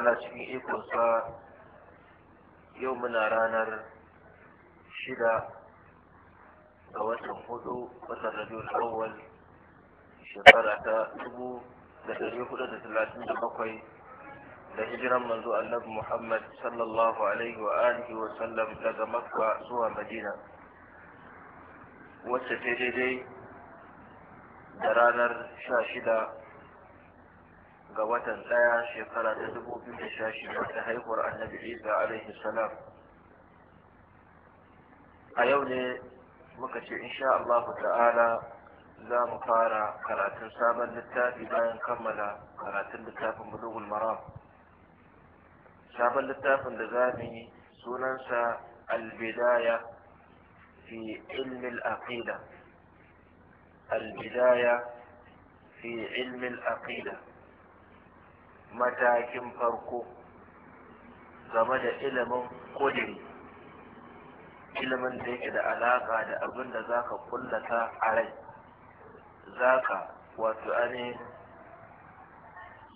ta'ala cikin ikonsa yau muna ranar shida ga watan hudu watan rabiul awwal shekara ta dubu da ɗari hudu da talatin da bakwai da hijiran manzo annabi muhammad sallallahu alaihi wa alihi wa sallam daga makka zuwa madina wacce ta daidai da ranar sha shida ga watan ɗaya shekara ta dubu biyu da sha shida ta haihuwar annabi isa alaihi salam a yau ne muka ce insha Allah ta'ala za mu fara karatun sabon littafi bayan kammala karatun littafin bulugul maram sabon littafin da za mu yi sunansa albidaya fi ilmin aqida albidaya fi ilmin aqida matakin farko game da ilimin kudiri ilimin da yake da alaƙa da abin da za ka kullata a rai za ka wato ane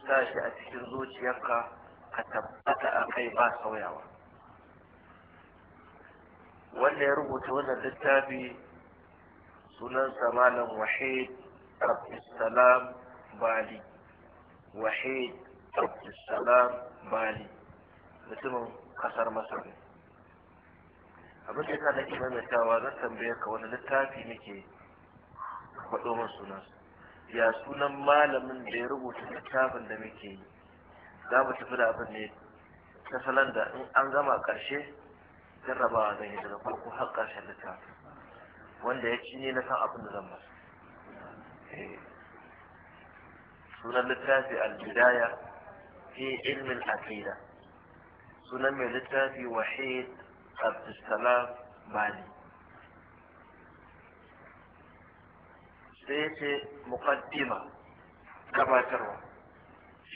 sa shi a cikin zuciyarka ka tabbata a kai ba sauyawa wanda ya rubuta wannan littafi sunansa malam wahid abdulsalam bali wahid abdussalam bali mutumin kasar masar ne abin da kana ke maimaitawa zan tambaye ka wani littafi nake faɗo min sunan ya sunan malamin da ya rubuta littafin da muke yi za mu tafi da abin ne ta salon da in an gama ƙarshe jarrabawa zan yi daga farko har ƙarshen littafin wanda ya ci ne na san abin da zan masa eh, sunan littafi al-bidaya في علم العقيده سنم لتا في وحيد عبد السلام بالي سيتي مقدمة كما تروى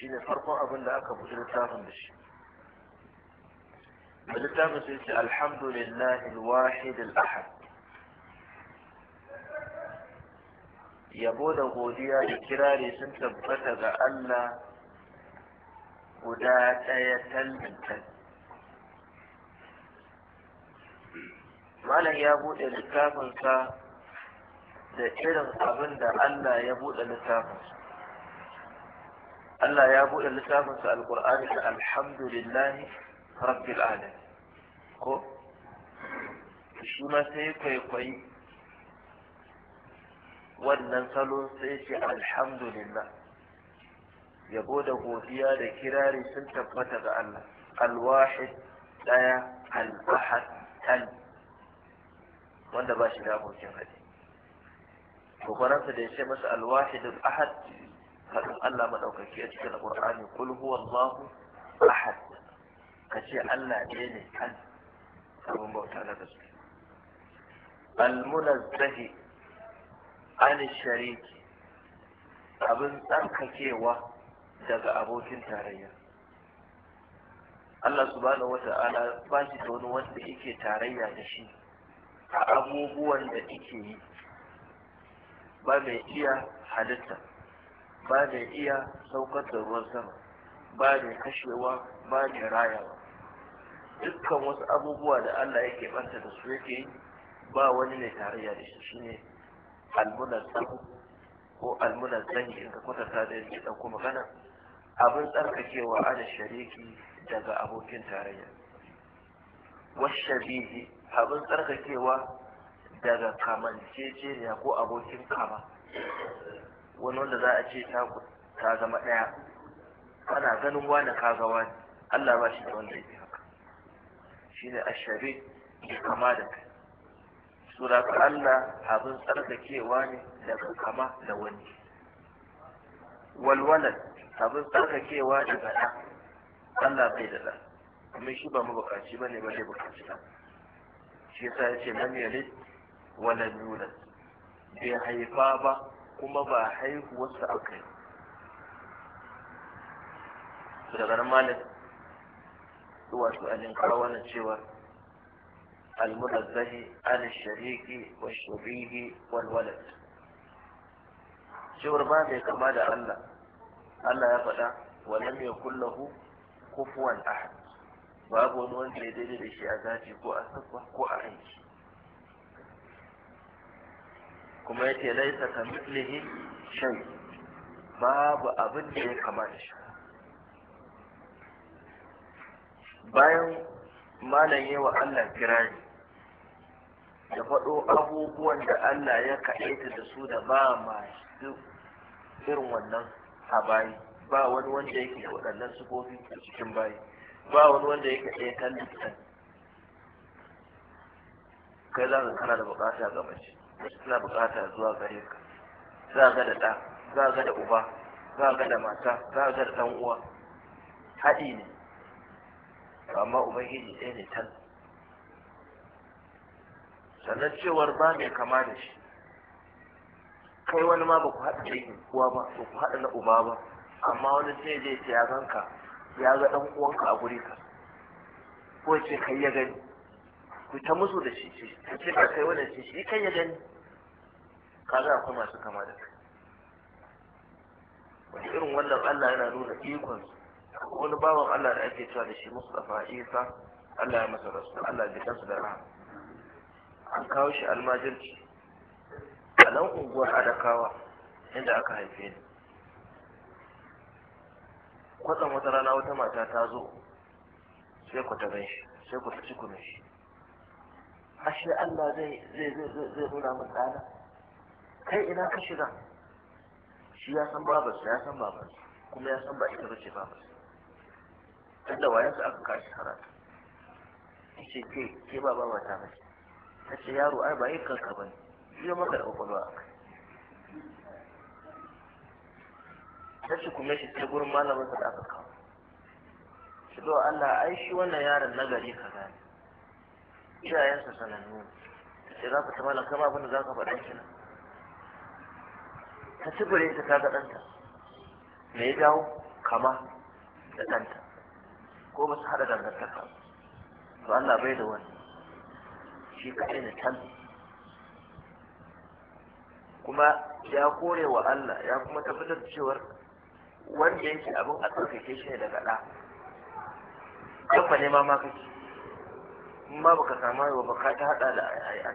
شين فرق أبن لأك أبو جلتاف بشي الحمد لله الواحد الأحد يبو دا غوديا يكراري سنتم فتا guda ɗaya talmintal malam ya buɗe littafinsa da irin abin da Allah ya buɗe littafinsa Allah ya buɗe littafinsa Alkur'ani da alhamdulillahi rabbil alamin ko shi ma sai kwaikwayi wannan salon sai ce alhamdulillah yabo da godiya da kirari sun tabbata ga Allah alwahid daya al-ahad wanda ba shi da abokin hadi kokarinsa da ya ce masa alwahid al-ahad faɗin Allah madaukaki a cikin alqur'ani kul huwallahu ahad kace Allah ne ne kan abin bauta na gaske al-munazzahi an shariki abin tsarkakewa daga abokin tarayya Allah subhanahu wata'ala ba shi da wani wanda yake tarayya da shi a abubuwan da yake yi ba mai iya halitta ba mai iya saukar da ruwan sama ba mai kashewa ba mai rayawa dukkan wasu abubuwa da Allah yake banta da su yake yi ba wani mai tarayya da shi shine almunan tsaho ko almunan in ka kwatanta da yake ɗauko magana abin tsarkakewa ana shariki daga abokin tarayya washabihi abin tsarkakewa daga kamanceceniya ko abokin kama wani wanda za a ce ta zama ɗaya ana ganin wani kagawa ne Allah ba shi da wanda yake haka shine ashabi ki kama da kai sura ka Allah abin tsarkakewa ne daga kama da wani walwalar abin tsarkakewa da gada Allah bai da ɗa kuma shi ba mabukaci ba ne ba zai bukaci ba shi yasa ya ce lam yare wani nuna bai haifa ba kuma ba haihuwarsa aka yi su daga nan zuwa su alin kawo wannan cewa an shariki wa shubihi walwalad cewar ba zai kama da Allah Allah ya faɗa lam yakul lahu kufuwan ahad babu wani wanda ya daidai da shi a zafi ko a sabba ko a aiki kuma ya ce laisa ka mislihi shai babu abin da ya kamata shi bayan malam yi wa Allah kirari da faɗo abubuwan da Allah ya kaɗaita da su da ba masu irin wannan a bayi ba wani wanda yake da waɗannan sufofi a cikin bayi ba wani wanda yake ɗaya kan dukkan kai za ka kana da bukata ga mace suna bukata zuwa gare ka za ga da ɗa za ga da uba za ga da mata za ga da ɗan uwa haɗi ne amma ubangiji ɗaya ne tan sannan cewar ba mai kama da shi kai wani ma ba ku haɗa yin uwa ba ba ku haɗa na uba ba amma wani sai zai ce ya ganka ya ga ɗan uwanka a guri ka ko ce kai ya gani ku ta musu da shi ce ce ka kai wani shi shi kai ya gani Ka a akwai masu kama da kai wani irin wannan Allah yana nuna ikon wani bawan Allah da ake cewa da shi Mustafa Isa Allah ya masa rasu Allah ya bi kansa da rahama an kawo shi almajirci a nan unguwar adakawa inda aka haife ni kwatsan wata rana wata mata ta zo sai ku ta shi sai ku ta ci kuma shi ashe Allah zai zai zai zai nuna min ɗana kai ina ka shiga shi ya san babarsa ya san babarsa kuma ya san ba ita bace babarsa tunda wayansa aka kashi harata ce ke ke ba ba mata ba ta ce yaro ai ba yi kanka ne. ya maka da kwakwalwa ta shi kuma shi ta gurin malamin sa da aka kawo shi zuwa Allah ai shi wannan yaron nagari ka gane iyayensa sanannu sai za ka ta malaka ma abin da za ka faɗa shi nan ta tubure ta kaga ɗanta me ya jawo kama da ɗanta ko ba su haɗa dangantaka to Allah bai da wani shi kaɗai na tan kuma ya kore wa Allah ya kuma tabbatar cewar wanda yake abin a tsarkake shi ne daga ɗa kan ma ma kake ma baka samu yawa ba ka ta haɗa da a yi a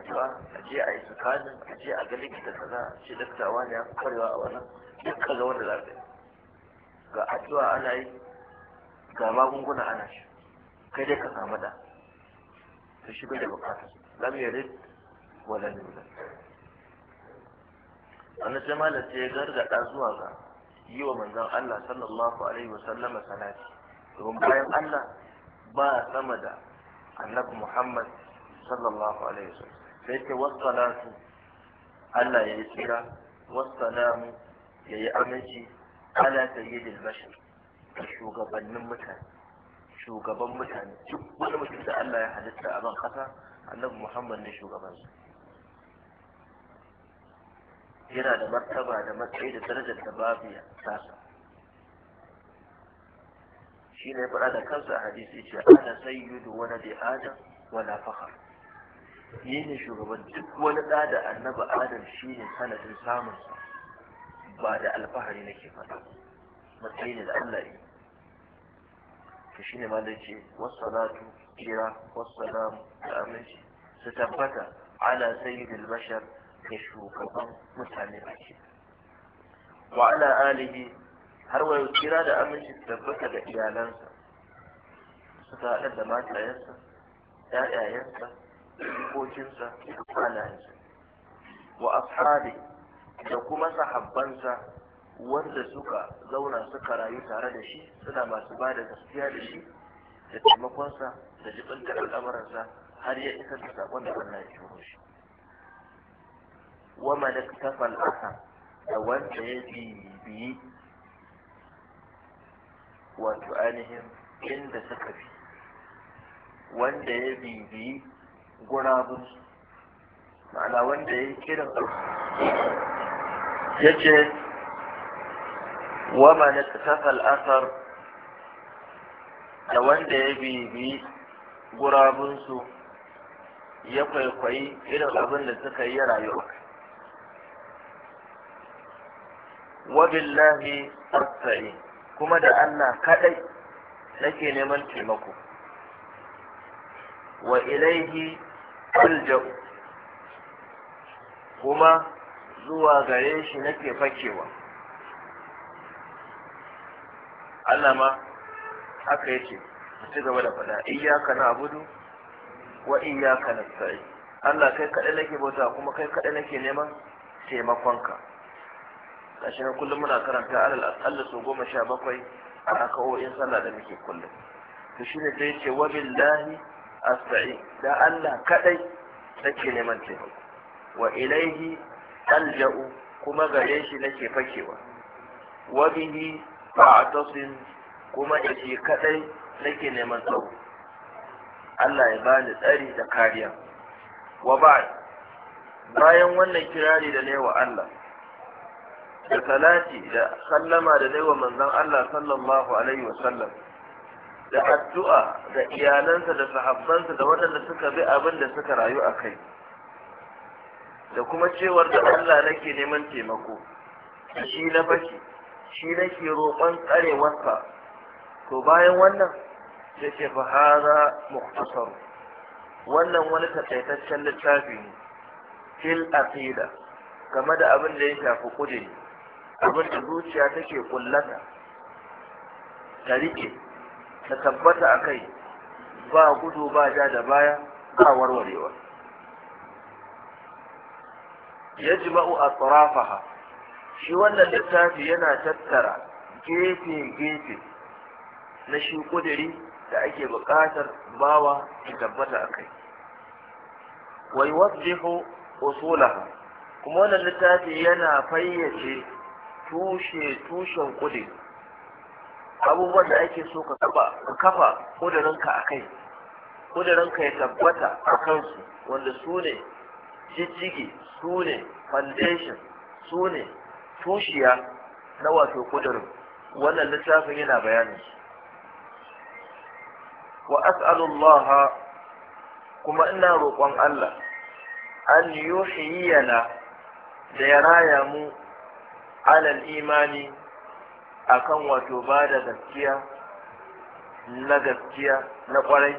je a yi tsakanin a je a ga likita kaza a ce daktawa ne ya fi kwarewa a wannan duk kaza wanda za ka yi ga ajiyar ana yi ga magunguna ana shi kai dai ka samu da ta shigar da bukata lam yalid wala yulad wani sai malam sai ya gargada zuwa ga yi wa manzon Allah sallallahu alaihi wa sallama salati domin bayan Allah ba sama da annabi Muhammad sallallahu alaihi wa sallam sai ce wassalatu Allah ya yi tsira wassalamu ya yi aminci ala sayyidil bashar shugabannin mutane shugaban mutane duk wani mutum da Allah ya halitta a ban kasa annabi Muhammad ne shugabansa yana da martaba da matsayi da darajar da babu ya tasa shi ne faɗa da kansa a hadisi ce ana sayyidu wani da adam wala fakhar yi ne shugaban duk wani ɗa da annabi adam shi ne sanadin samunsa ba da alfahari nake faɗa matsayi ne da Allah yi to shi ne malai ce wasu kira wasu da aminci su tabbata ala sayyidul bashar da shugaban mutane baki wa ana alihi har wayo kira da aminci tabbata ga iyalansa su ta haɗar da matayensa ‘ya'yayensa jikokinsa da kwanayensa wa ashabi da kuma sahabbansa wanda suka zauna suka rayu tare da shi suna masu ba da gaskiya da shi da taimakonsa da jibin al'amuransa har ya isa da saƙon da Allah ya shi. wa man iktafa al da wanda ya bibiyi wato ainihin inda suka fi, wanda ya bibiyi gurabun ma'ana wanda ya yi kiran ya ce wa man iktafa al da wanda ya bibiyi gurabunsu ya kwaikwayi irin abin da suka yi rayuwa wa billahi asta'in kuma da Allah kadai nake neman taimako wa ilaihi ulja'u kuma zuwa gare shi nake fakewa Allah ma haka yake ci gaba da faɗa iyyaka na'budu wa iyyaka nasta'in Allah kai kadai nake bauta kuma kai kadai nake neman taimakonka gashi kullum muna karanta alal aqalla su goma sha bakwai a raka'o'in sallah da muke kullum to shine da yace wa billahi asta'i da Allah kadai nake neman taimako wa ilaihi alja'u kuma gare shi nake fakewa wa bihi fa'tasim kuma da shi kadai nake neman tsaro Allah ya bani tsari da kariya wa ba bayan wannan kirari da ne wa Allah da salati da sallama da naiwa manzon Allah sallallahu alaihi wasallam da addu'a da iyalansa da sahabbansa da waɗanda suka bi abin da suka rayu a kai da kuma cewar da Allah nake neman taimako shi na fashi shi nake roƙon tsarewarsa to bayan wannan sai ce fa hada muhtasar wannan wani takaitaccen littafi ne fil aqida game da abin da ya shafi kudiri abin da zuciya take kullata ta riƙe ta tabbata a kai ba gudu ba ja da baya ba warwarewa yajma'u atrafaha shi wannan littafi yana tattara gefe-gefe na shi kudiri da ake buƙatar bawa ta tabbata a kai wai usulaha kuma wannan littafi yana fayyace tushe tushen kudi abubuwan da ake so ka kafa ka kafa kudurinka a kai kudurinka ya tabbata a kansu wanda su ne jijjigi su ne foundation su ne tushiya na wato kudurin wannan littafin yana bayanin su wa as'alullah kuma ina roƙon Allah an yuhyiyana da ya raya mu alal imani akan wato ba da gaskiya na gaskiya na kwarai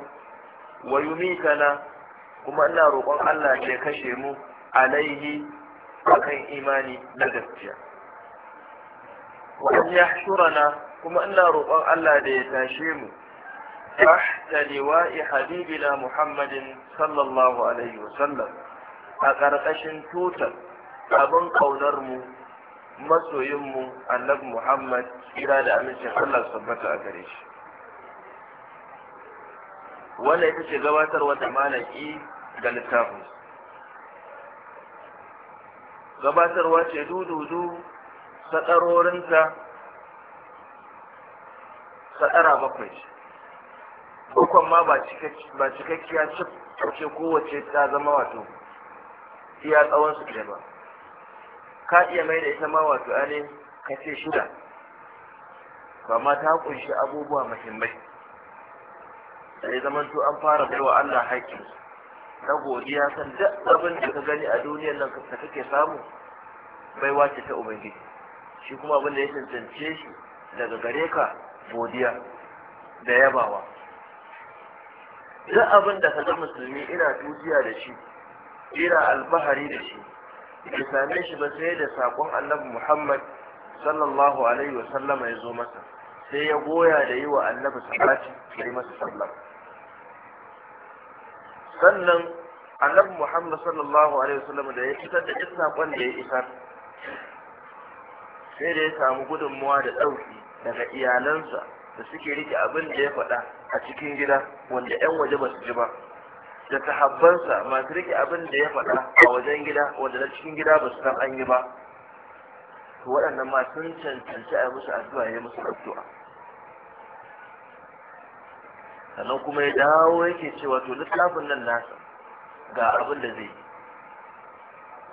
wa yumitana kuma ina roƙon Allah ya kashe mu alaihi akan imani na gaskiya wa an yahshurana kuma ina roƙon Allah da ya tashe mu tahta liwa'i habibina Muhammadin sallallahu alaihi wa sallam a ƙarƙashin tutar abin ƙaunar mu masoyinmu annabi muhammad kira da amincin allah su tabbata a gare shi wannan ita ce gabatarwa da malaki e ga littafin gabatarwa ce dududu sadarorinta sadara bakwai ce ukon ma ba cikakkiya ce kowace ta zama wato iya tsawon su ba ka iya mai da ita ma wato ainihin kace shida ma ta kunshi abubuwa muhimmai sai zaman to an fara baiwa Allah haƙƙi na godiya san duk abin da ka gani a duniyar nan ka kake samu baiwa ce ta ubangiji shi kuma abin da ya cancance shi daga gare ka godiya da yabawa duk abin da ka ga musulmi ina dukiya da shi ina albahari da shi bai same shi ba sai da sakon annabi muhammad sallallahu alaihi wasallama ya zo masa sai ya goya da yi wa annabi salati da yi masa sallam sannan annabi muhammad sallallahu alaihi wasallama da ya fitar da duk sakon da ya isar sai da ya samu gudunmuwa da ɗauki daga iyalansa da suke rike abin da ya faɗa a cikin gida wanda 'yan waje ba su ji ba da sahabbansa masu rike abin da ya faɗa a wajen gida wanda na cikin gida ba su san an yi ba to waɗannan ma sun cancanci a musu addu'a ya musu addu'a sannan kuma ya dawo yake cewa to littafin nan nasa ga abin da zai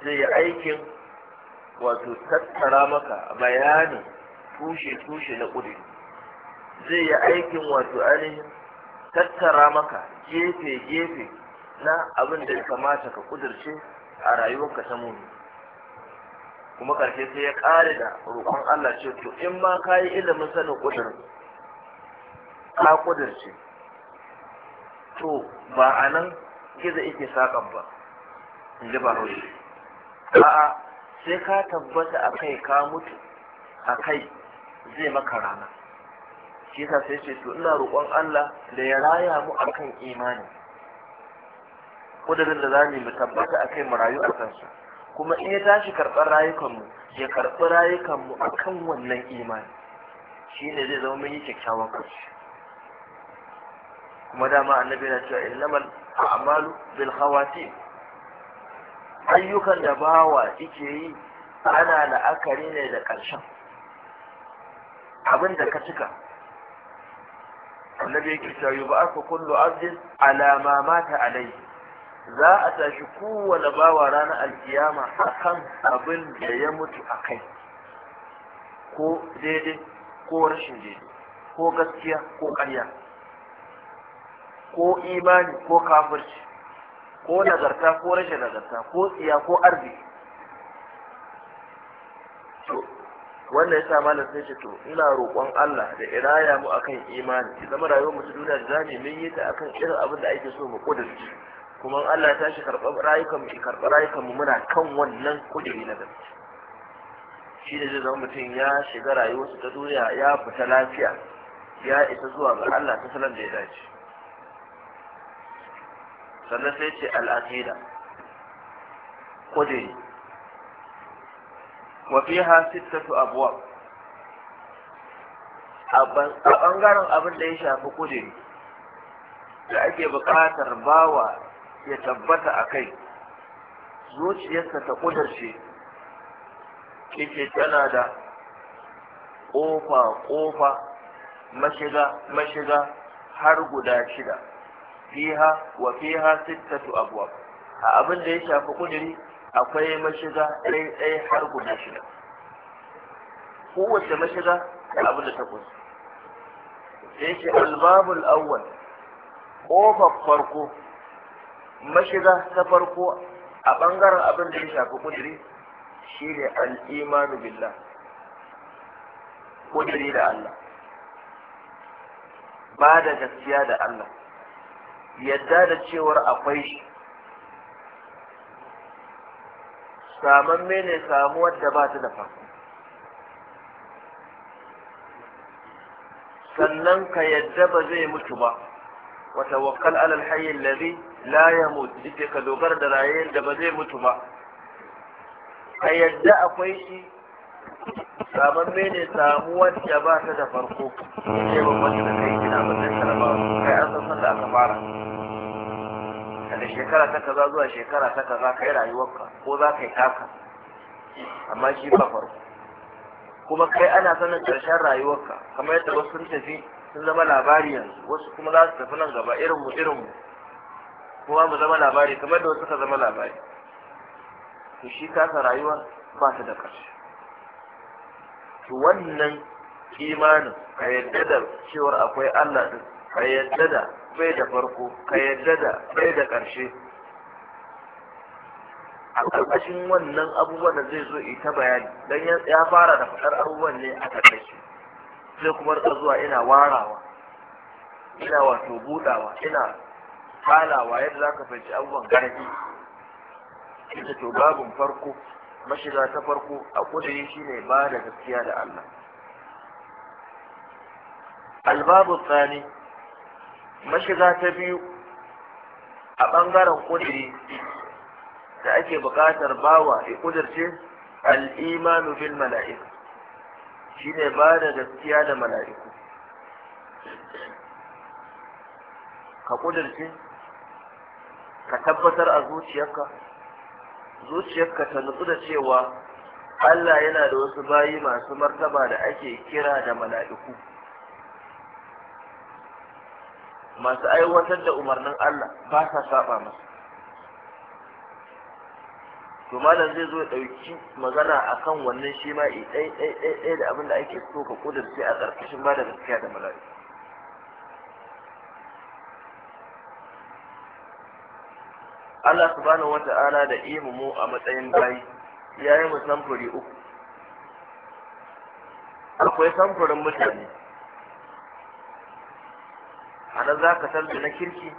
zai yi aikin wato tattara maka bayani tushe-tushe na ƙuri, zai yi aikin wato ainihin tattara maka gefe-gefe na abin da ya kamata ka kudurce a rayuwarka ta muni kuma karshe sai ya ƙare da roƙon Allah ce to in ma ka yi ilimin sanin kudirin ka kudurce to ba a nan gizo yake saƙan ba in ji ba a a'a sai ka tabbata a kai ka mutu a kai zai maka rana shi yasa sai ce to ina roƙon Allah da ya raya mu akan imani kudurin da za mu mu tabbata a kai mu rayu a kansu kuma in ya tashi karɓar rayukanmu ya karɓi rayukanmu a kan wannan imani shi ne zai zama mun yi kyakkyawan kashi kuma dama annabi na cewa innamal a'malu bil khawatim ayyukan da bawa yake yi ana la'akari ne da ƙarshen abin da ka cika annabi yake cewa yub'athu kullu abdin ala ma mata alayhi za a tashi kowane bawa ranar alkiyama a kan abin da ya mutu a kai ko daidai ko rashin daidai ko gaskiya ko ƙarya ko imani ko kafirci ko nagarta ko rashin nagarta ko tsiya ko arzi wannan ya sa malam sai ce to ina roƙon Allah da iraya mu akan imani zama rayuwar mu ta duniya da zamu mun yi ta akan irin abin da ake so mu kudurci kuma Allah ya tashi karɓar rayukan shi karɓar rayukan mu muna kan wannan kudiri na gaske shi ne zai zama mutum ya shiga rayuwarsa ta duniya ya fita lafiya ya isa zuwa ga Allah ta salon da ya dace sannan sai ce al'aqida kudiri wa fiha sittatu abwab a bangaren abin da ya shafi kudiri da ake buƙatar bawa ya tabbata a kai zuciyarsa ta kudarce kike tana da kofa kofa mashiga mashiga har guda shida fiha wa fiha sittatu abwab a abin da ya shafi kudiri akwai mashiga ɗaya har guda shida kowace mashiga da abin da ta kunsa sai shi albabul awwal ƙofar farko mashiga ta farko a ɓangaren abin da ya shafi kudiri ne al'imanu billah kudiri da Allah ba da gaskiya da Allah yadda da cewar akwai shi saman mene samuwar da ba ta da farko sannan ka yadda ba zai mutu ba wata wakal alal hayyin ladhi la ya mutu ita ka dogara da rayayyar da ba zai mutu ba ka yadda akwai shi saman mene samuwar da ba ta da farko sai ba wanda da kai gina ba zai sai karama kai an san da aka fara daga shekara ta kaza zuwa shekara ta kaza kai rayuwarka ko za ka yi taka amma shi ba farko kuma kai ana sanin ƙarshen rayuwarka kamar yadda wasu sun tafi sun zama labari yanzu wasu kuma za su tafi nan gaba irinmu irinmu kuma mu zama labari kamar da wasu ka zama labari to shi kasa rayuwa ba ta da ƙarshe to wannan imanin ka yadda da cewar akwai Allah din ka yadda da bai da farko ka yadda da bai da ƙarshe a ƙarƙashin wannan abubuwan da zai zo ita bayani don ya fara da faɗar abubuwan ne a ƙarƙashi sai kuma rika zuwa ina warawa ina wato budawa, ina wa yadda za ka fahimci abubuwan gargi ita to babin farko mashiga ta farko a kudiri ne ba da gaskiya da Allah albabu tsani mashiga ta biyu a ɓangaren kudiri da ake buƙatar bawa ya kudirce al'imanu mala'iku shi ne ba da gaskiya da mala'iku ka kudirce ka tabbatar a zuciyarka zuciyarka ta nutsu da cewa Allah yana da wasu bayi masu martaba da ake kira da mala'iku masu aiwatar da umarnin Allah ba sa saba masa to malam zai zo ɗauki magana akan wannan shi ma ɗai ɗai ɗai da abin da ake so ka kudurce a ƙarƙashin ba da gaskiya da mala'iku Allah subhanahu wata'ala da imu mu a matsayin bayi ya yi mu samfuri uku akwai samfurin mutane ana za ka tarda na kirki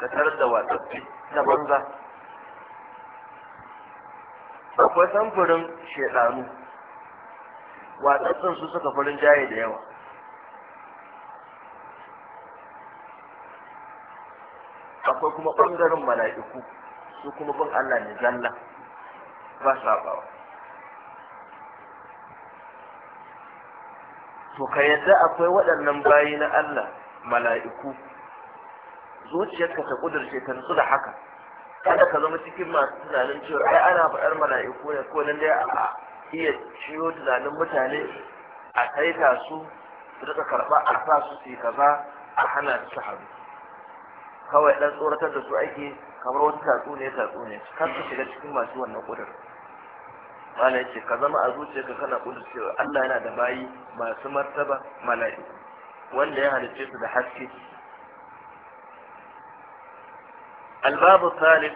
ka da watsatsi na banza akwai samfurin shaidanu watsatsin su suka farin jaye da yawa akwai kuma ɓangaren mala'iku su kuma bin Allah ne zalla ba bawa. to ka yadda akwai waɗannan bayi na Allah mala'iku zuciyarka ta kudurce ta nutsu da haka kada ka zama cikin masu tunanin cewa ai ana faɗar mala'iku ne ko lalle a iya ciwo tunanin mutane a taita su su karɓa a sa su su yi a hana su haɗu kawai dan tsoratar da su ake kamar wasu tatsuniya tatsuniya kar ka shiga cikin masu wannan kudur mala yace ka zama a zuciyarka kana kudur cewa Allah yana da bayi masu martaba mala'i wanda ya halice su da haske الباب الثالث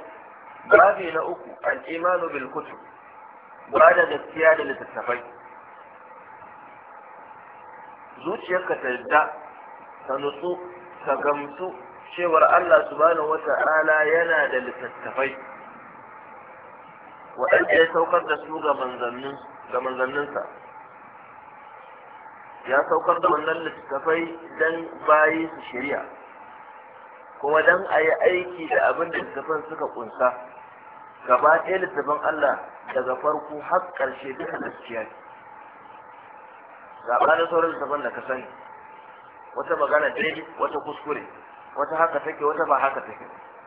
باب نأكو الإيمان بالكتب بعد الاختيار للتفاي zuciyarka ta da ta nutsu ta gamsu cewar Allah subhanahu wata'ala yana da littattafai waɗanda ya saukar da su ga manzanninsa ya saukar da wannan littattafai don bayi su shirya kuma don a yi aiki da abin da littattafan suka kunsa gaba ɗaya littattafan Allah daga farko har ƙarshe duka gaskiya ne da sauran littattafan da ka sani wata magana daidai wata kuskure wata haka take wata ba haka take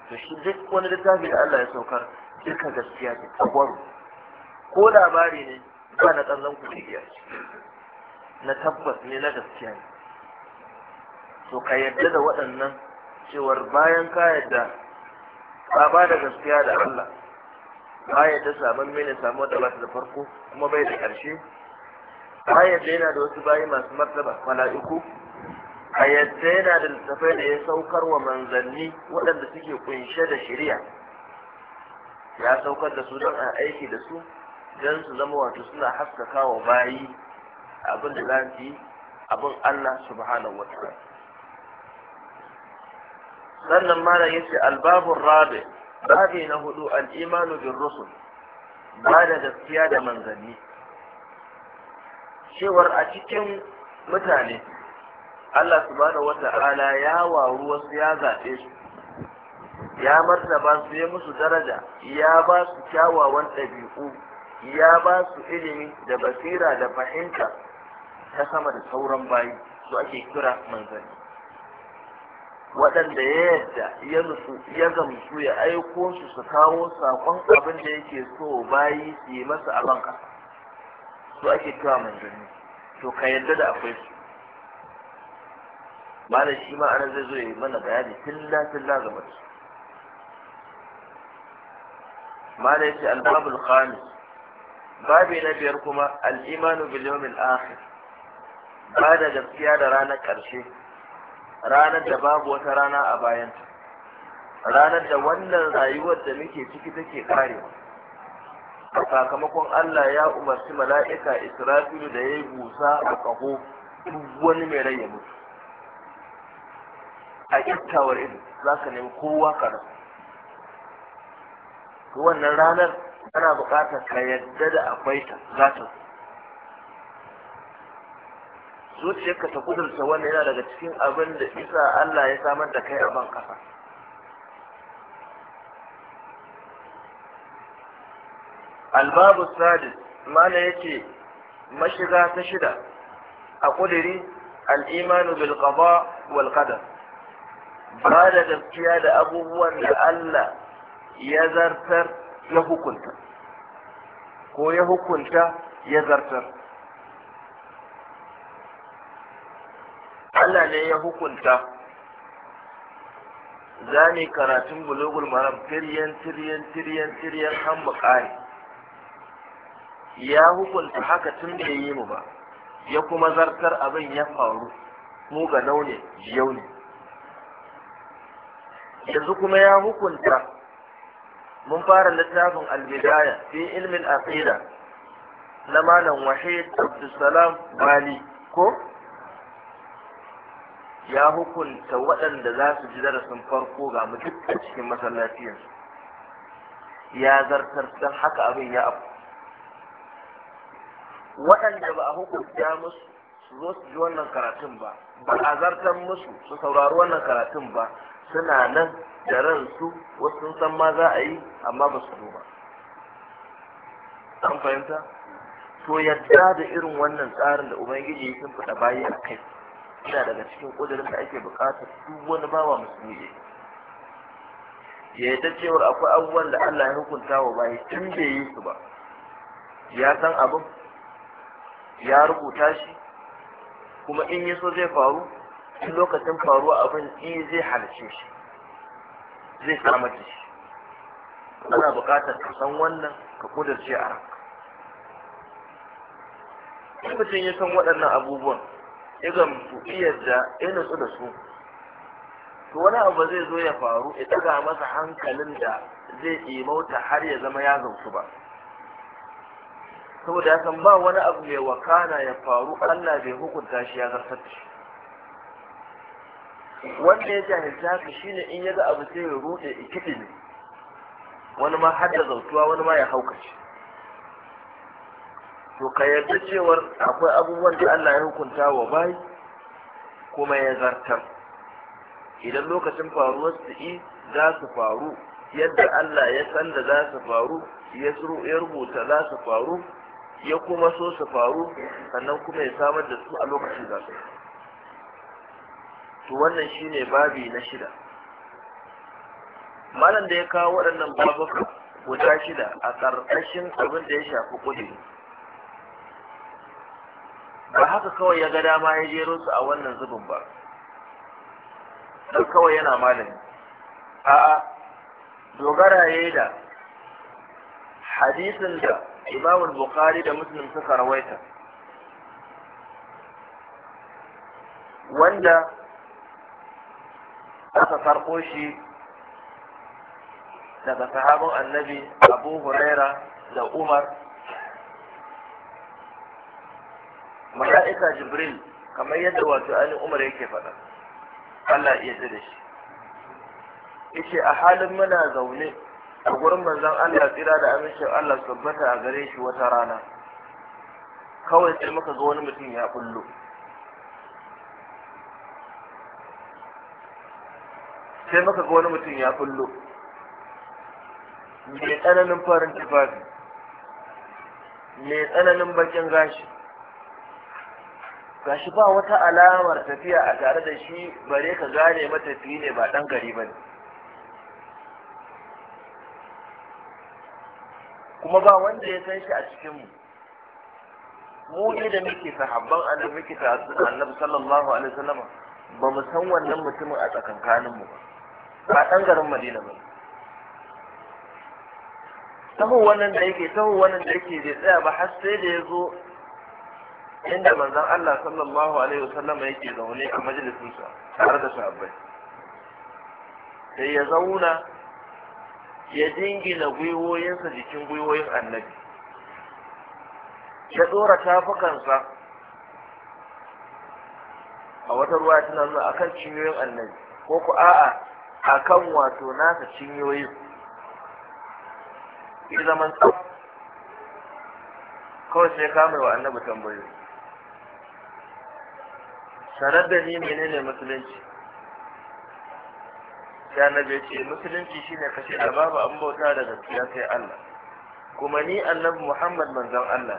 to shi duk wani littafi da Allah ya saukar duka gaskiya ce tsagwaro ko labari ne ba na kallon ku ne na tabbas ne na gaskiya ne to ka yadda da waɗannan cewar bayan ka yadda ba ba da gaskiya da Allah ba yadda saman mene samu da ba da farko kuma bai da ƙarshe ba yadda yana da wasu bayi masu martaba mala'iku a yadda yana da littafai da ya saukar wa manzanni waɗanda suke kunshe da shari'a ya saukar da su don a aiki da su don su zama wato suna haskaka wa bayi abin da za yi abin Allah subhanahu wa ta'ala sannan mana yace albabun rabi babi na hudu al-imanu bin rusul ba da gaskiya da manzanni cewar a cikin mutane Allah subhanahu wata'ala ya waru wasu ya zaɓe su ya martaba su ya musu daraja ya ba su kyawawan ɗabi'u ya ba su ilimi da basira da fahimta ta sama da sauran bayi su ake kira manzanni waɗanda ya yadda ya nutsu ya gamsu ya aiko su su kawo sakon abin da yake so bayi su yi masa a ƙasa su ake kira manzanni to ka yadda da akwai su malam shi ma zai zo ya yi mana bayani tilla tilla ga mace malam yace al-babul khamis babi na biyar kuma al-imanu bil al akhir ba da gaskiya da ranar karshe ranar da babu wata rana a bayanta ranar da wannan rayuwar da muke ciki take karewa sakamakon Allah ya umarci mala'ika Isra'ilu da ya yi busa a ƙaho duk wani mai rai ya mutu a kyakkyawar ido za ka nemi kowa ka rasu to wannan ranar ana buƙatar ka yadda da akwai ta za ta zuciyarka ta kudurta wannan yana daga cikin abin da isa Allah ya samar da kai a ban kasa albabu sadis mana yace mashiga ta shida a kudiri al'imanu bil qada wal qadar ba da gaskiya da abubuwan da Allah ya zartar ya hukunta ko ya hukunta ya zartar Allah ne ya hukunta za karatun bulogul maram tiryan tiryan tiryan tiryan han bukari ya hukunta haka tun da ya yi mu ba ya kuma zartar abin ya faru mu ga launi yau ne yanzu kuma ya hukunta mun fara littafin albidaya fi ilmin aqida na malam wahid abdussalam bali ko ya hukunta waɗanda za su ji darasin farko ga mu a cikin masallaciyar ya zartar don haka abin ya abu waɗanda ba a hukunta musu su zo su ji wannan karatun ba ba a zartar musu su saurari wannan karatun ba suna nan da ransu wasu san ma za a yi amma ba su duba an fahimta to yadda da irin wannan tsarin da ubangiji ya sun fada bayi a kai ina daga cikin ƙudurin da ake buƙatar duk wani bawa musulmi ya yadda cewar akwai abubuwan da Allah ya hukunta wa bayi tun bai yi su ba ya san abin ya rubuta shi kuma in yi so zai faru in lokacin faruwa abin ɗi eh zai halice shi zai samu da shi ana buƙatar ka san wannan ka ce a ranka in mutum ya san waɗannan abubuwan ya gamsu da ya nutsu da su to wani abu zai zo ya faru ya taga masa hankalin da zai imauta har ya zama ya zautu ba saboda ya san ba wani abu mai wakana ya faru Allah bai hukunta shi ya zartar shi wanda ya ka shi ne in ya ga abu sai ya rute ikiti ne wani ma har da zautuwa wani ma ya haukace to ka yarda cewar akwai abubuwan da Allah ya hukunta wa bai kuma ya zartar idan lokacin faruwar su yi za su faru yadda Allah ya san da za su faru ya rubuta za su faru ya kuma so su faru sannan kuma ya samar da su a lokacin za to wannan shine babi na shida malam da ya kawo waɗannan babuka guda shida a ƙarƙashin abin da ya shafi ƙudiri ba haka kawai ya ga dama ya jero su a wannan zubin ba kawai yana malami a'a dogara ya yi da hadisin da imam bukhari da muslim suka rawaita wanda aka karɓo shi daga sahabin annabi abu huraira da umar mala'ika jibril kamar yadda wato ainihin umar yake faɗa allah iya da shi yace a halin muna zaune a gurin manzon allah tsira da amincin allah tabbata a gare shi wata rana kawai sai muka ga wani mutum ya ɓullo sai maka ga wani mutum ya bullo mai tsananin farin tufafi mai tsananin bakin gashi gashi ba wata alamar tafiya a tare da shi bare ka gane matafi ne ba ɗan gari ba ne kuma ba wanda ya san shi a cikinmu mu ne da muke sahabban annabi muke sahabban annabi sallallahu alaihi wasallam ba mu san wannan mutumin a tsakankaninmu ba ba ɗan garin madina ba taho wannan da yake taho wannan da yake zai tsaya ba har sai da ya zo inda manzon Allah sallallahu alaihi wasallam yake zaune a sa tare da sahabbai sai ya zauna ya dingina gwiwoyinsa jikin gwiwoyin annabi ya ɗora tafukansa a wata ruwa tana zuwa akan cinyoyin annabi ko ku a'a akan wato nasa cinyoyin ya zaman tsaf kawai sai kama wa annabi tambayo sanar da ni menene musulunci sai annabi ce musulunci shine kashe da babu an bauta da gaskiya sai Allah kuma ni annabi Muhammad manzon Allah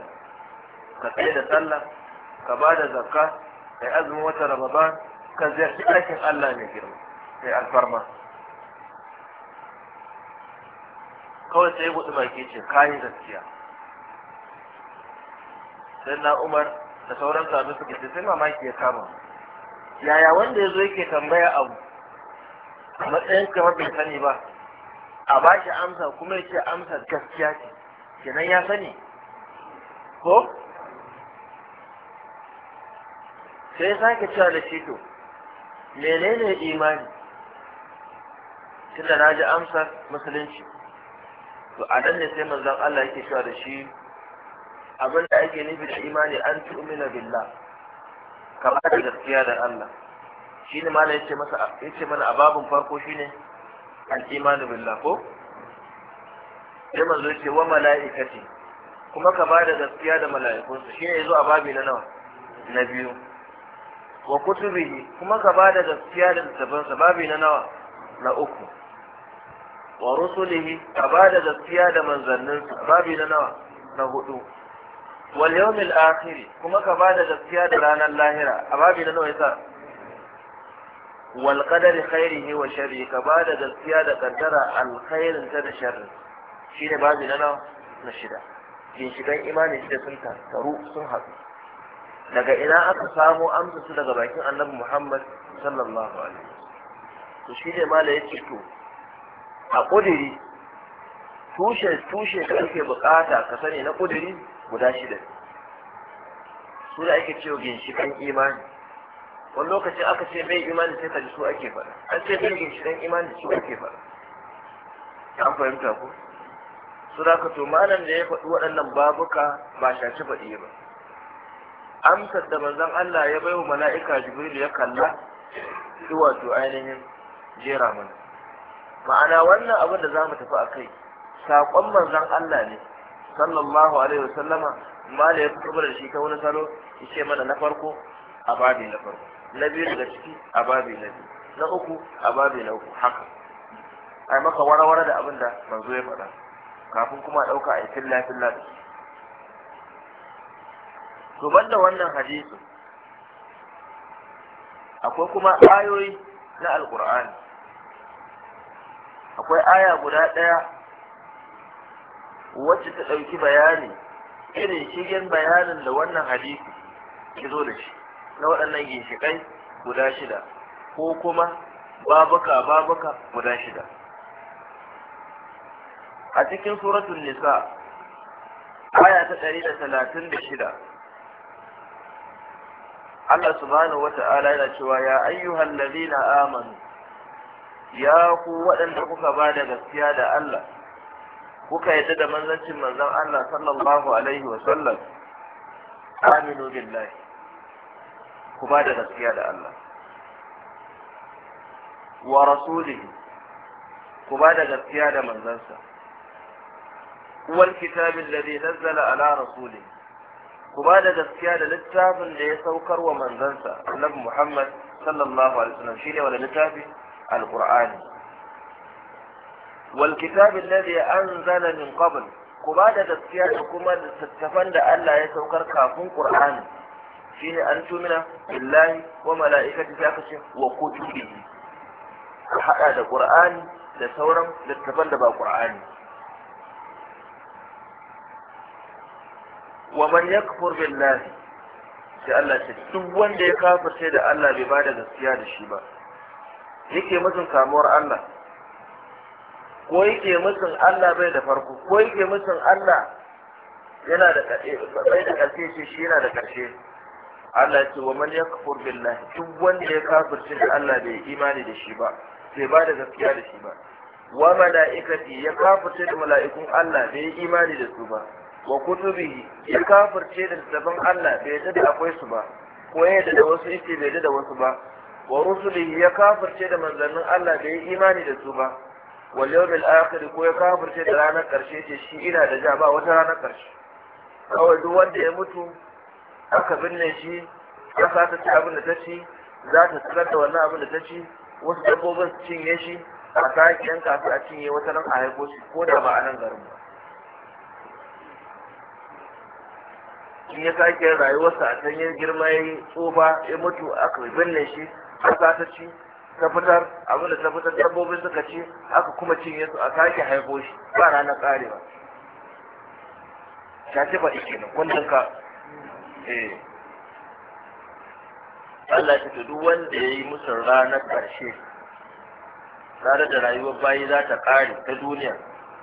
ka tsaye da sallah ka ba da zakka kai azumin wata Ramadan ka ziyarci ɗakin Allah mai girma mai alfarma kawai sai buɗe baki ce kayi gaskiya sai na umar da sauran sami suka ce sai mamaki ya kama yaya wanda ya zo yake tambaya abu a matsayin kamar bai sani ba a ba shi amsa kuma ya ce amsa gaskiya ce kenan ya sani ko sai ya sake cewa da shi to menene imani tunda na ji amsar musulunci to a nan ne sai manzon Allah yake cewa da shi abin da ake nufi da imani an tu'mina billah ka ba da gaskiya da Allah shine malai yace masa yace mana a farko shine al imanu billah ko sai manzo yace wa malaikati kuma ka ba da gaskiya da su shine yazo a babi na nawa na biyu wa kutubihi kuma ka ba da gaskiya da littafansa babi na nawa na uku wa rusulihi a ba da gaskiya da manzanninsa babi na nawa na hudu wal yawmil akhir kuma ka ba da gaskiya da ranar lahira a babi na nawa yasa wal qadari khairihi wa sharri ka ba da gaskiya da kaddara alkhairin ta da sharri shine babi na nawa na shida ginshigan imani shida sun taru sun haɗu daga ina aka samo amsa su daga bakin annabi Muhammad sallallahu alaihi wasallam to ne malai yake to a ƙudiri tushe tushe da ake bukata ka sani na ƙudiri guda shida su da ake cewa ginshikan imani wani lokacin aka ce bai imani sai ka ji su ake faɗa an ce bai ginshikan imani su ake faɗa an fahimta ku su da ka to malam da ya faɗi waɗannan babuka ba shaci faɗi ba amsar da manzan Allah ya bai wa mala'ika Jibril ya kalla wato ainihin jera mana ma'ana wannan abin da za mu tafi a kai saƙon manzon Allah ne sallallahu alaihi wasallama ma da ya fito da shi ta wani salo yace mana na farko a babi na farko na biyu daga ciki a babi na biyu na uku a babi na uku haka ai maka warware da abin da manzo ya faɗa kafin kuma a ɗauka a yi filla filla da shi. to banda wannan hadisi akwai kuma ayoyi na alƙur'ani akwai aya guda ɗaya wacce ta ɗauki bayani irin shigen bayanin da wannan hadisi ke zo da shi na waɗannan ginshiƙai guda shida ko kuma babaka babaka guda shida a cikin suratun nisa aya ta ɗari da talatin da shida Allah subhanahu wa ta'ala yana cewa ya ayyuhal ladina amanu ya ku waɗanda kuka ba da gaskiya da Allah kuka yadda da manzancin manzon Allah sallallahu alaihi wa sallam aminu billahi ku ba da gaskiya da Allah wa rasulihi ku ba da gaskiya da manzansa wal kitabin zai nazzala ala rasuli. ku ba da gaskiya da littafin da ya saukar wa manzansa annabi Muhammad sallallahu alaihi wasallam shine wala littafi alqur'ani wal kitab alladhi anzala min qabl ku ba da gaskiya da kuma littattafan da Allah ya saukar kafin qur'ani shine an tumina billahi wa mala'ikati sai aka ce wa kutubihi ka hada da qur'ani da sauran littattafan da ba qur'ani wa man yakfur billahi sai Allah ce duk wanda ya kafirce da Allah bai ba da gaskiya da shi ba yake mutum samuwar Allah ko yake mutum Allah bai da farko ko yake mutum Allah yana da bai da ƙarshe shi shi yana da ƙarshe Allah ce wa man yakfur billahi duk wanda ya kafirce da Allah bai imani da shi ba bai ba da gaskiya da shi ba wa mala'ikati ya kafirce da mala'ikun Allah bai imani da su ba wa kutubi ya kafirce da sabon Allah bai yadda da akwai su ba ko yadda da wasu yake bai yadda da wasu ba wa rusuli ya kafirce da manzannin Allah da ya imani da su ba wal yawmil akhir ko ya kafirce da ranar karshe ce shi ina da ja ba wata ranar karshe kawai duk wanda ya mutu aka binne shi ya ta ci abin da ta ci za ta tsirar da wannan abin da ta ci wasu dabbobin su cinye shi a sake yanka su a cinye wata nan a haifo shi ko da ba a nan garin ba in ya sake rayuwarsa a can girma ya yi tsofa ya mutu aka binne shi ƙasa ta ci ta fitar abin da ta fitar dabbobin suka ce, aka kuma cinye su a sake haifo shi ba ranar karewa shafi ba ike nan kundin ka eh Allah ya tudu wanda ya yi musu ranar ƙarshe tare da rayuwar bayi za ta ƙare ta duniya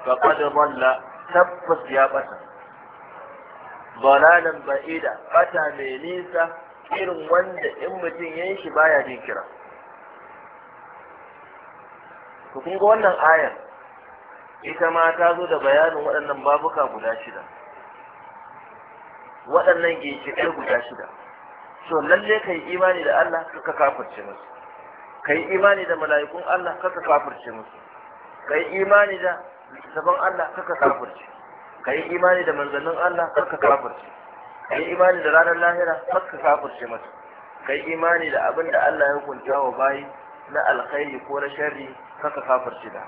ba ƙwadar wanda tabbas ya ɓata balalan ba'ida ɓata mai nisa irin wanda in mutum ya yi shi baya jin kira Ku kun ga wannan ayar ita ma ta zo da bayanin waɗannan babuka guda shida waɗannan ɗaya guda shida so lalle ka yi imani da Allah ka kafirce musu ka yi imani da mala'ikun Allah ka kafirce musu ka yi imani da littattafan Allah ka kafirce ka yi imani da manzannin Allah ka kafirce kai imani da ranar lahira fakka kafirce mata kai imani da abin da Allah ya hukunta wa bayi na alkhairi ko na sharri kaka kafirce da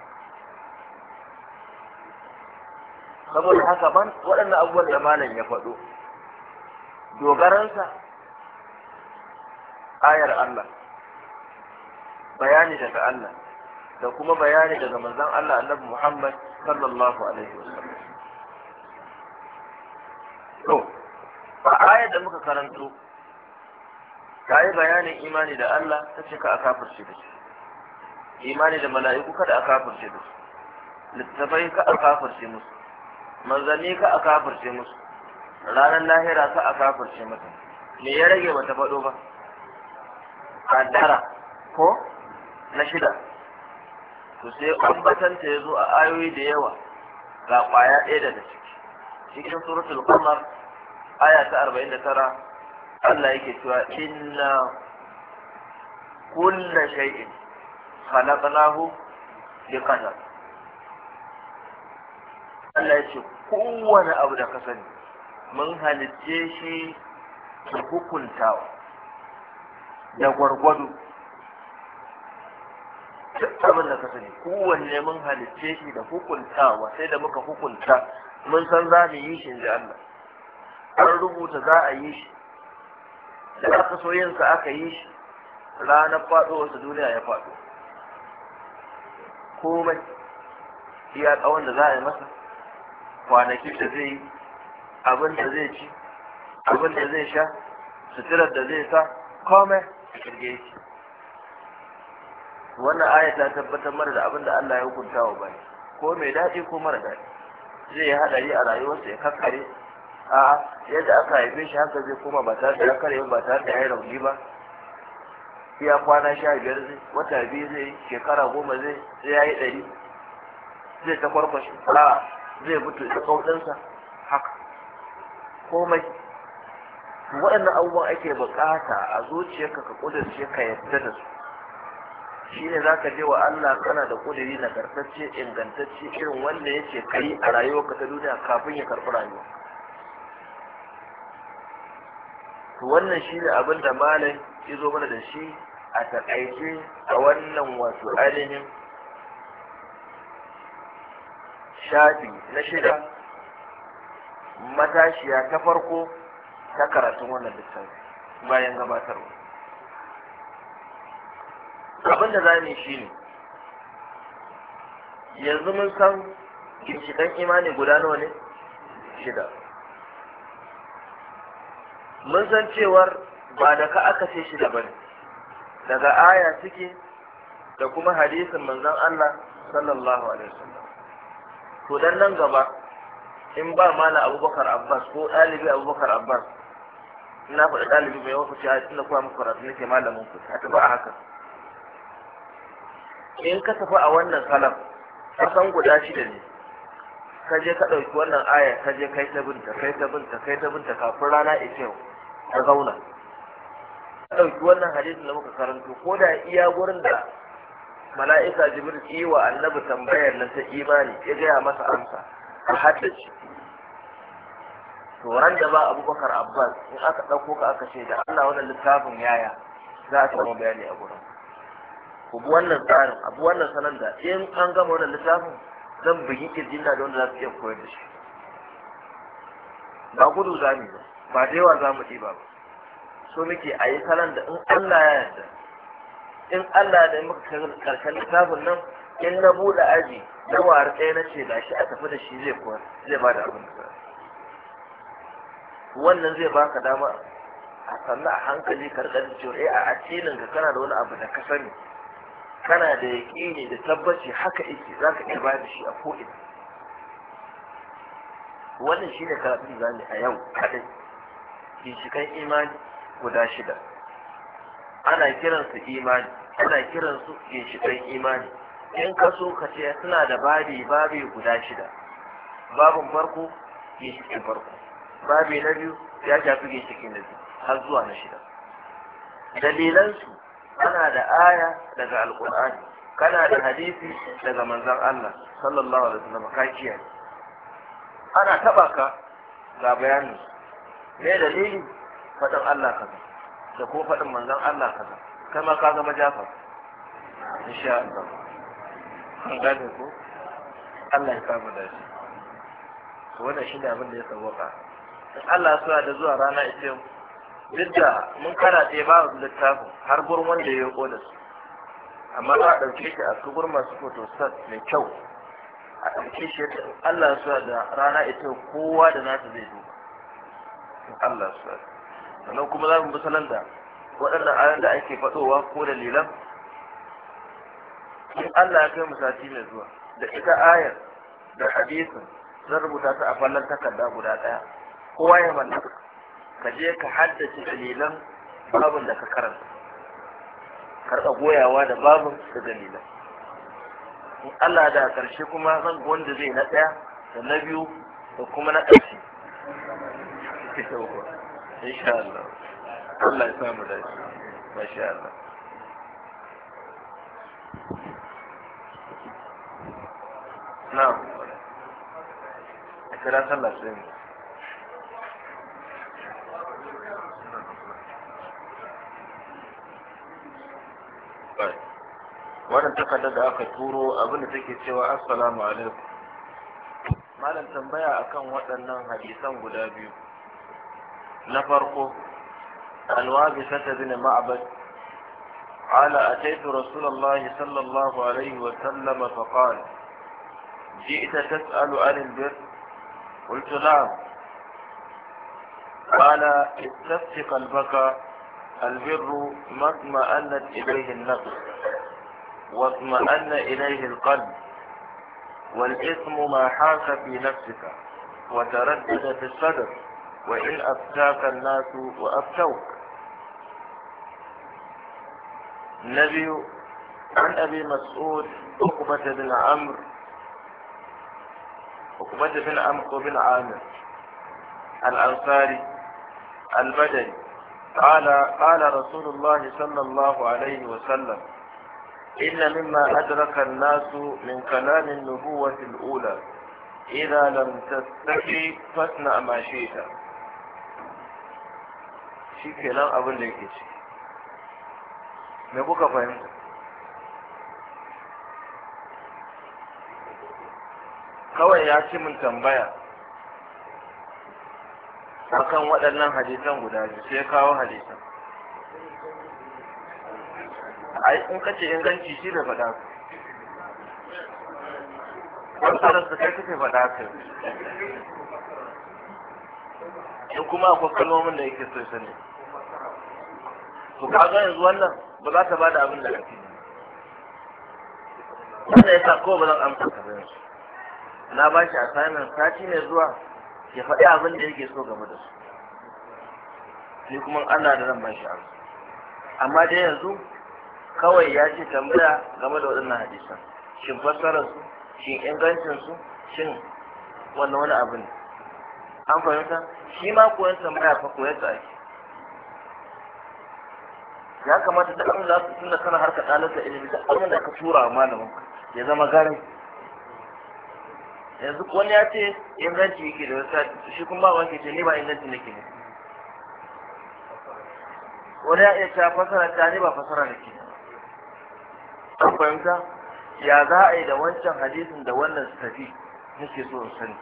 saboda haka ban waɗannan abubuwan da malam ya faɗo dogaransa ayar Allah bayani daga Allah da kuma bayani daga manzon Allah annabi Muhammad sallallahu alaihi wasallam a ayar da muka karanto ta yi bayanin imani da Allah ta ce ka a kafirce da shi imani da mala'iku kada a kafirce da su littafai ka a kafirce musu manzanni ka a kafirce musu ranar lahira ka a kafirce mata me ya rage bata faɗo ba kaddara ko na shida to sai ambatanta ya zo a ayoyi da yawa ga ƙwaya ɗaya daga ciki cikin suratul qamar aya ta arba'in da tara, Allah yake cewa inna kulla shay'in khalaqnahu qadar Allah ya ce kowane abu da ka sani mun halicce shi da hukuntawa da gwargwado duk abin da ka sani kowanne mun halicce shi da hukuntawa sai da muka hukunta mun san za mu yi shi da Allah an rubuta za a yi shi da aka so sa aka yi shi ranar faɗo wasu duniya ya faɗo komai iya tsawon da za a yi masa kwanaki da zai yi abin da zai ci abin da zai sha suturar da zai sa komai a kirge shi wannan aya ta tabbatar mara da abin da Allah ya hukunta wa bai ko mai daɗi ko mara daɗi zai yi haɗari a rayuwarsa ya kakkare a yadda aka haife shi haka zai koma ba tare da ya kare ba tare da ya rauni ba iya kwana sha biyar zai wata biyu zai shekara goma zai sai ya yi ɗari zai ta shi, a zai mutu da kauɗinsa haka komai waɗannan abubuwan ake buƙata a zuciyarka ka ƙudurce ka yadda da su shi ne za ka je wa Allah kana da ƙuduri nagartacce ingantacce irin wanda yake kai a rayuwarka ta duniya kafin ya karɓi rayuwa to wannan shi ne abin da malam ya zo mana da shi a takaice a wannan wato ainihin shafi na shida matashiya ta farko ta karatun wannan littafi bayan gabatarwa abin da za mu shi ne yanzu mun san ginshiƙan imani guda nawa ne shida mun san cewar ba da ka aka ce shi daban daga aya suke da kuma hadisin manzon Allah sallallahu alaihi wasallam to dan nan gaba in ba mala abubakar abbas ko ɗalibi abubakar abbas ina faɗa ɗalibi mai yawan fushi a tunda kuma muku karatu nake malamin ku a tafi a haka in ka tafi a wannan salam san guda shida ne ka je ka ɗauki wannan aya ka je kai ta binta kai ta binta kai ta binta kafin rana ita yau ta zauna Ya ɗauki wannan hadisin da muka karanto ko da iya gurin da mala'ika jibril ki wa annabi tambayar nan ta imani ya gaya masa amsa a haddace to ran da ba abubakar abbas in aka ɗauko ka aka ce da allah wannan littafin yaya za a samu bayani a gurin ku bi wannan tsarin a bi wannan sanar da in an gama wannan littafin zan bugi kirjin da wanda za su iya koyar da shi ba gudu za yi ba ba da yawa za mu ɗiba ba so muke a yi salon da in Allah ya yarda in Allah da muka karshen littafin nan in na buɗe aji na war ɗaya na ce shi a tafi da shi zai kuwa zai ba da abin da wannan zai baka dama a sannu a hankali karkar cewa eh, a addinin ka kana da wani abu da ka sani kana da yaƙini da tabbaci haka yake za ka iya ba da shi a ko'ina wannan shine karatun zamu a yau kadai ginshikan imani guda shida ana kiransu imani ana kiransu ginshikan imani in ka so ka ce suna da babi babi guda shida babin farko ginshikin farko babi na biyu ya shafi ginshikin na biyu har zuwa na shida dalilansu ana da aya daga alkur'ani kana da hadisi daga manzon Allah sallallahu alaihi wasallam kakiya ana taba ka ga bayanin me dalili faɗin Allah kaza da ko faɗin manzon Allah kaza kai ma ka zama jafar insha Allah an gane ko Allah ya kama da shi to wannan shine abin da ya sauka in Allah ya da zuwa rana ita duk da mun kara ɗaya ba littafin har gurin wanda ya yi da su amma za a ɗauke shi a kubur masu photostat mai kyau a ɗauke shi yadda Allah ya da rana ita kowa da nasa zai zo Allah su sannan kuma za mu bi salon da waɗannan ayan da ake faɗowa ko dalilan in Allah ya kai mu sati mai zuwa da ita ayar da hadisin zan rubuta ta a fallon takarda guda ɗaya kowa ya mallaka ka je ka haddace dalilan babin da ka karanta karɓa goyawa da babin da dalilan in Allah da ƙarshe kuma zan wanda zai na ɗaya da na biyu da kuma na ƙarshe insha Allah Allah ya samu da shi masha Allah na a kira sallah sai mu wannan takarda da aka turo abinda take cewa assalamu alaikum malam tambaya akan waɗannan hadisan guda biyu نفرقه الواب alwabi fata bin قال أتيت رسول الله صلى الله عليه وسلم فقال جئت تسأل عن البر قلت نعم قال استفت قلبك البر ما اطمأنت إليه النفس واطمأن إليه القلب والإثم ما حاك في نفسك وتردد في الصدر وإن أفتاك الناس وأفتوك النبي عن أبي مسعود عقبة بن عمرو عقبة بن عمرو بن عامر الأنصاري البدري قال قال رسول الله صلى الله عليه وسلم إن مما أدرك الناس من كلام النبوة الأولى إذا لم تستحي فاصنع ما شئت shi ke nan abin da yake ci me kuka fahimta kawai ya ci min tambaya akan waɗannan hadisan guda biyu sai kawo hadisan ai in ka ce inganci shi da faɗa wani tsarin su kai kake faɗa su. in kuma akwai kalmomin da yake so sani to ga yanzu wannan ba za ta bada abin da kake wannan yasa ko ba zan amsa ka ba yanzu na ba shi assignment sati ne zuwa ya faɗi abin da yake so game da su ni kuma Allah da zan ba shi amsa amma dai yanzu kawai ya ce tambaya game da waɗannan hadisan shin fassarar su shin ingancin su shin wannan wani abu ne an fahimta shi ma koyon tambaya fa koyon ta ake ya kamata duk abin da za su tunda kana harka ɗalibta ilimi duk abin da ka tura malamin ya zama garin yanzu wani ya ce inganci yake da wasa shi kuma ba wanke ce ni ba inganci nake ne wani ya iya cewa fasara ta ne ba fasara nake an fahimta ya za a yi da wancan hadisin da wannan su tafi nake so sani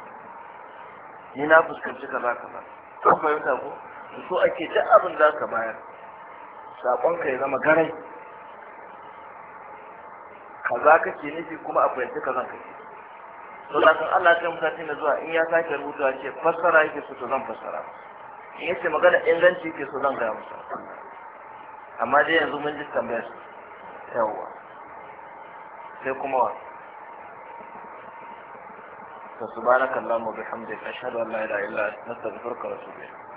ni na fuskanci kaza kaza an fahimta ko so ake duk abin za ka bayar saƙonka ya zama garai kaza kake nufi kuma a fahimci kazan ka to da kan Allah ya mutane na zuwa in ya sake rubuta ce fassara yake su to zan fassara in yace magana inganci yake so zan gaya musu amma dai yanzu mun ji tambayar yawwa sai kuma wa فسبحانك اللهم وبحمدك أشهد أن لا إله إلا أنت نستغفرك su إليك